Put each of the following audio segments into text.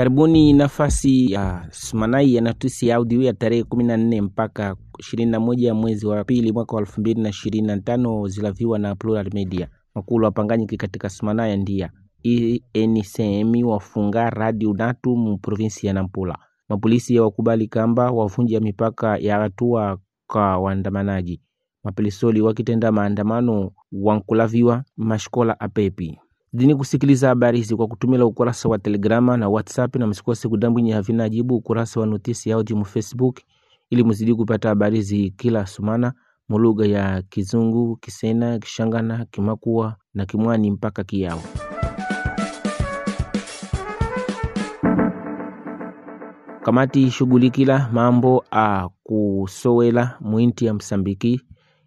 Karibuni nafasi ya Smanai ya Natusi Audio ya tarehe 14 mpaka 21 ya mwezi wa pili mwaka wa 2025 zilaviwa na Plural Media. Makulu wapanganyiki katika sumanai ya ndia encm wafunga radio natu mu provinsi ya Nampula. Mapolisi ya wakubali kamba wavunja mipaka ya hatua kwa waandamanaji. Mapelisoli wakitenda maandamano wankulaviwa mashikola apepi dini kusikiliza habari hizi kwa kutumila ukurasa wa Telegrama na WhatsApp, na msikose kudambwinye havina ajibu ukurasa wa notisi ya mu Facebook ili muzidi kupata habari hizi kila sumana mulugha ya Kizungu, Kisena, Kishangana, Kimakua na Kimwani mpaka Kiyao. Kamati shughulikila mambo a kusowela mwinti ya Msambiki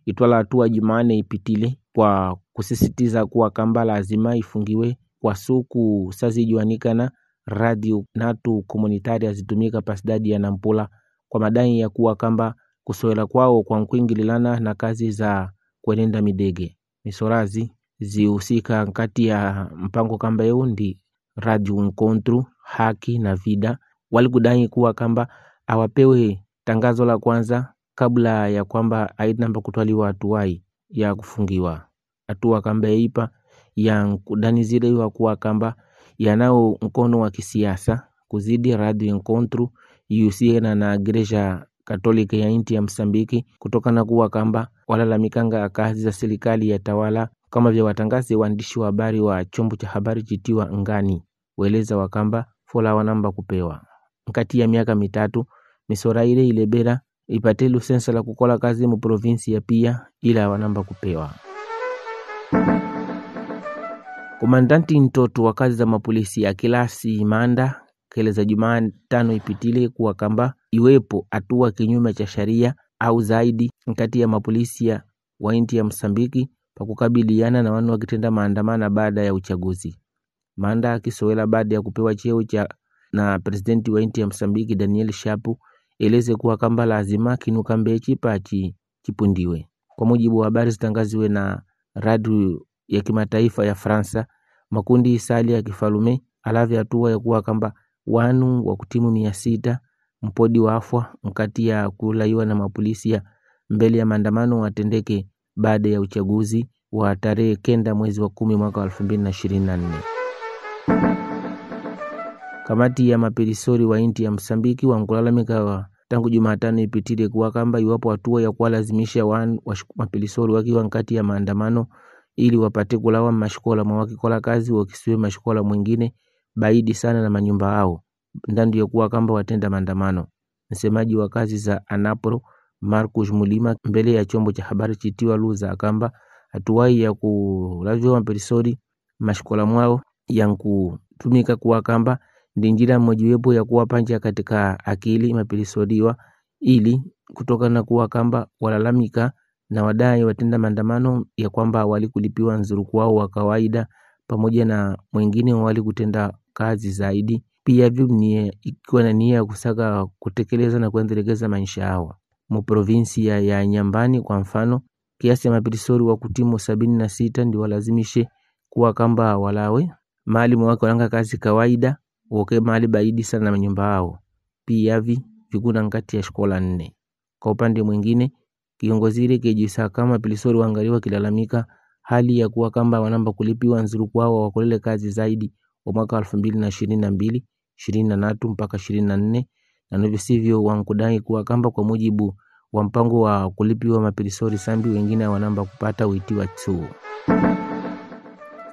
itwala hatua Jumane ipitile kwa kusisitiza kuwa Kampala lazima ifungiwe kwa suku sazijuanika na radio natu komunitari azitumika pasidadi ya Nampula kwa madai ya kuwa kamba kusoela kwao kwa nkwingililana na kazi za kwenenda midege misorazi zihusika kati ya mpango kamba yeundi radio nkontru haki na vida walikudai kuwa kamba awapewe tangazo la kwanza kabla ya kwamba aidi namba kutwaliwa hatuwai ya kufungiwa kamba ipa atuwakamba eipa wa daniziliwa kamba yanao mkono wa kisiasa kuzidi Radio Encontro ihusiana na Igreja Katolika ya inti ya Msambiki kutoka na kuwa kamba walalamikanga kazi za serikali ya tawala kama vya watangazi waandishi wa habari wa chombo cha habari chitiwa ngani weleza wakamba fola wanamba kupewa nkati ya miaka mitatu misora ile ilebera ipate lusensa la kukola kazi mu provinsi ya pia ila wanamba kupewa Komandanti Ntoto wa kazi za mapolisi ya Kilasi Manda kaeleza tano ipitile kuwa kamba iwepo hatua kinyume cha sheria au zaidi kati ya mapolisi wa inti ya Msambiki pa kukabiliana na wanu wakitenda maandamana baada ya uchaguzi. Manda akisowela baada ya kupewa cheo cha na presidenti wa inti ya Msambiki Daniel Shapu eleze kuwa kamba lazima kinuka mbechi pachi chipundiwe. Kwa mujibu wa habari zitangaziwe na radio ya kimataifa ya Fransa makundi isali ya kifalume alavi hatua ya kuwa kamba wanu wa kutimu mia sita mpodi wafwa mkati ya kulaiwa na mapolisi ya mbele ya maandamano watendeke baada ya uchaguzi wa tarehe kenda mwezi wa kumi mwaka wa elfu mbili na ishirini na nne. Kamati ya maperisori wa inti ya Msambiki wankulalamika tangu Jumatano ipitile kuwa kamba iwapo hatua ya kuwalazimisha wan maperisori wakiwa nkati ya maandamano ili wapate kulawa mashkola mwa mashikola mwawakikolakazi wokisiwe mashkola mwingine baidi sana na manyumba ao kuwa kamba watenda maandamano msemaji wa kazi za anapro marcus mulima mbele ya chombo cha habari chitiwa luza akamba hatuwai ya kulavyowa mperisori mashkola mwao yankutumika kuwa kamba ndi njira mmojiwepo ya kuwa panja katika akili maperisoriwa ili kutoka na kuwa kamba walalamika na wadai watenda maandamano ya kwamba awali kulipiwa mzunguko wao wa kawaida pamoja na mwingine wali kutenda kazi zaidi, pia hivyo ikiwa na nia ya kusaka kutekeleza na kuendeleza maisha yao. Muprovinsia ya ya Nyambani kwa mfano, kiasi ya mapirisori wa kutimo sabini na sita ndio walazimishe kuwa kamba walawe mali mwawake wananga kazi kawaida woke mali baidi sana na manyumba yao, pia vi vikuna ngati ya shkola nne. Kwa upande mwingine Kiongozi ile kejisaa kama pilisori waangaliwa wakilalamika hali ya kuwa kamba wanamba kulipiwa nzuruku wao wakolele kazi zaidi wa mwaka elfu mbili na ishirini na mbili ishirini na mpaka ishirini na nne na ndivyo sivyo wankudai kuwa kamba kwa mujibu wa mpango wa kulipiwa mapilisori sambi wengine wanamba kupata witiwa chuo.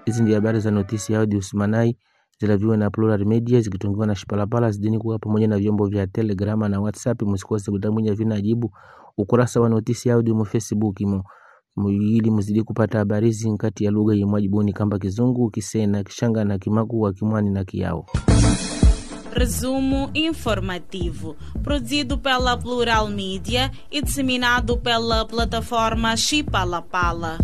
Hizi ndio habari za notisi ya Audio Usmanai viwe na Plural Media zikitungiwa na Shipalapala. Zidini kuwa pamoja na vyombo vya Telegrama na WhatsApp. Msikose vina ajibu ukurasa wa notisi audio mu Facebook mo ili mzidi kupata habari hizi nkati ya lugha yemwajibuni kamba Kizungu, Kisena, Kishanga na wa Kimwani na Kiao. Resumo informativo, produzido pela Plural Media e disseminado pela plataforma Pala.